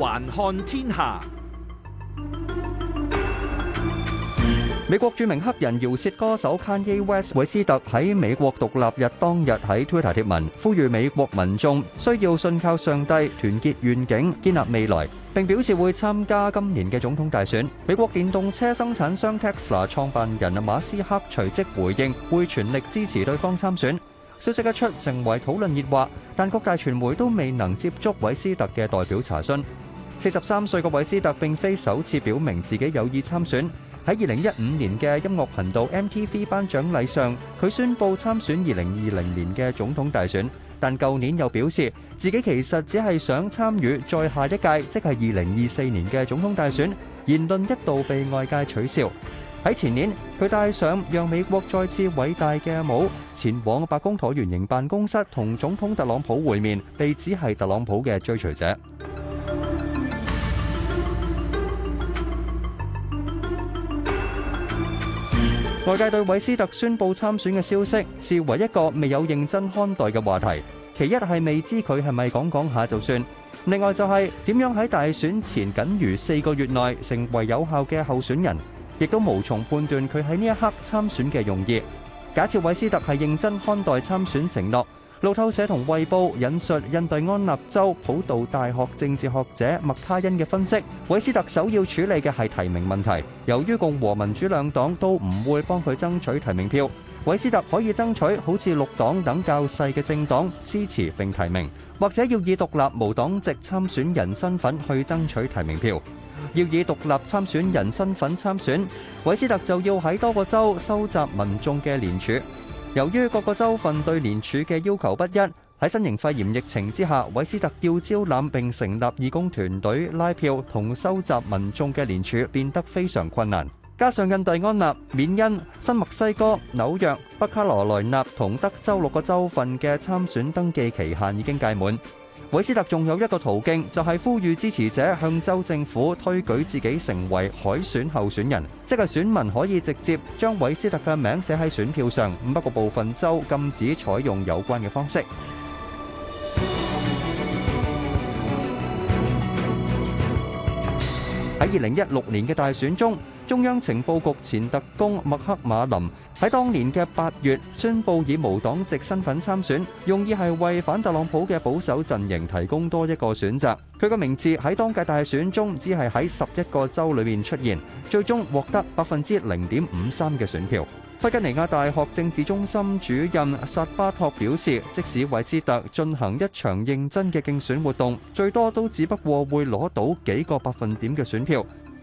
環看天下。美國著名黑人饒舌歌手 Kanye West（ 韋斯特）喺美國獨立日當日喺 Twitter 貼文，呼籲美國民眾需要信靠上帝、團結願景、建立未來，並表示會參加今年嘅總統大選。美國電動車生產商 Tesla 創辦人馬斯克隨即回應，會全力支持對方參選。消息一出，成為討論熱話，但各界傳媒都未能接觸韋斯特嘅代表查詢。四十三歲嘅韋斯特並非首次表明自己有意參選。喺二零一五年嘅音樂頻道 MTV 頒獎禮上，佢宣佈參選二零二零年嘅總統大選。但舊年又表示自己其實只係想參與再下一屆，即係二零二四年嘅總統大選。言論一度被外界取笑。喺前年，佢戴上讓美國再次偉大嘅帽，前往白宮橢圓形辦公室同總統特朗普會面，被指係特朗普嘅追隨者。外界對韋斯特宣佈參選嘅消息，視為一個未有認真看待嘅話題。其一係未知佢係咪講講下就算，另外就係點樣喺大選前僅餘四個月內成為有效嘅候選人，亦都無從判斷佢喺呢一刻參選嘅用意。假設韋斯特係認真看待參選承諾。路透社同《衛報》引述印第安納州普渡大學政治學者麥卡恩嘅分析，韋斯特首要處理嘅係提名問題。由於共和民主兩黨都唔會幫佢爭取提名票，韋斯特可以爭取好似綠黨等較細嘅政黨支持並提名，或者要以獨立無黨籍參選人身份去爭取提名票。要以獨立參選人身份參選，韋斯特就要喺多個州收集民眾嘅聯署。由於各個州份對聯署嘅要求不一，喺新型肺炎疫情之下，韋斯特要招攬並成立義工團隊拉票同收集民眾嘅聯署變得非常困難。加上印第安納、緬因、新墨西哥、紐約、北卡羅萊納同德州六個州份嘅參選登記期限已經屆滿。韋斯特仲有一個途徑，就係呼籲支持者向州政府推舉自己成為海選候選人，即係選民可以直接將韋斯特嘅名寫喺選票上，不過部分州禁止採用有關嘅方式。喺二零一六年嘅大選中，中央情報局前特工麥克馬林喺當年嘅八月宣布以無黨籍身份參選，用意係為反特朗普嘅保守陣營提供多一個選擇。佢個名字喺當屆大選中只係喺十一個州裏面出現，最終獲得百分之零點五三嘅選票。弗吉尼亞大學政治中心主任薩巴托表示，即使韋斯特進行一場認真嘅競選活動，最多都只不過會攞到幾個百分點嘅選票。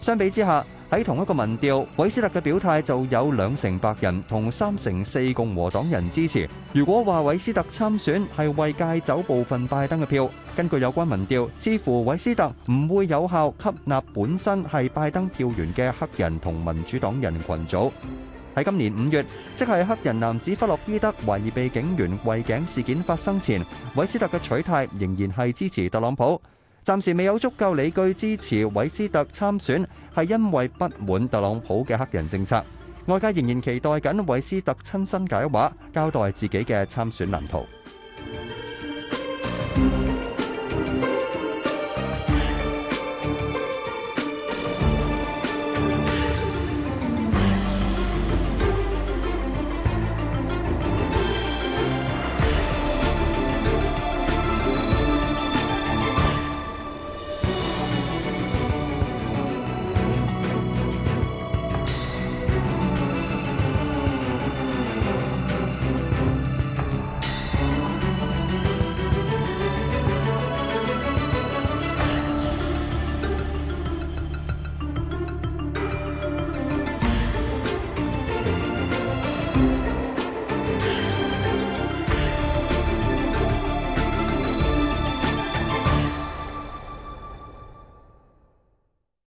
相比之下，喺同一個民調，韋斯特嘅表態就有兩成白人同三成四共和黨人支持。如果話韋斯特參選係為戒走部分拜登嘅票，根據有關民調，似乎韋斯特唔會有效吸納本身係拜登票源嘅黑人同民主黨人群組。喺今年五月，即係黑人男子弗洛伊德懷疑被警員跪頸事件發生前，韋斯特嘅取態仍然係支持特朗普。暫時未有足夠理據支持韋斯特參選，係因為不滿特朗普嘅黑人政策。外界仍然期待緊韋斯特親身解話，交代自己嘅參選藍圖。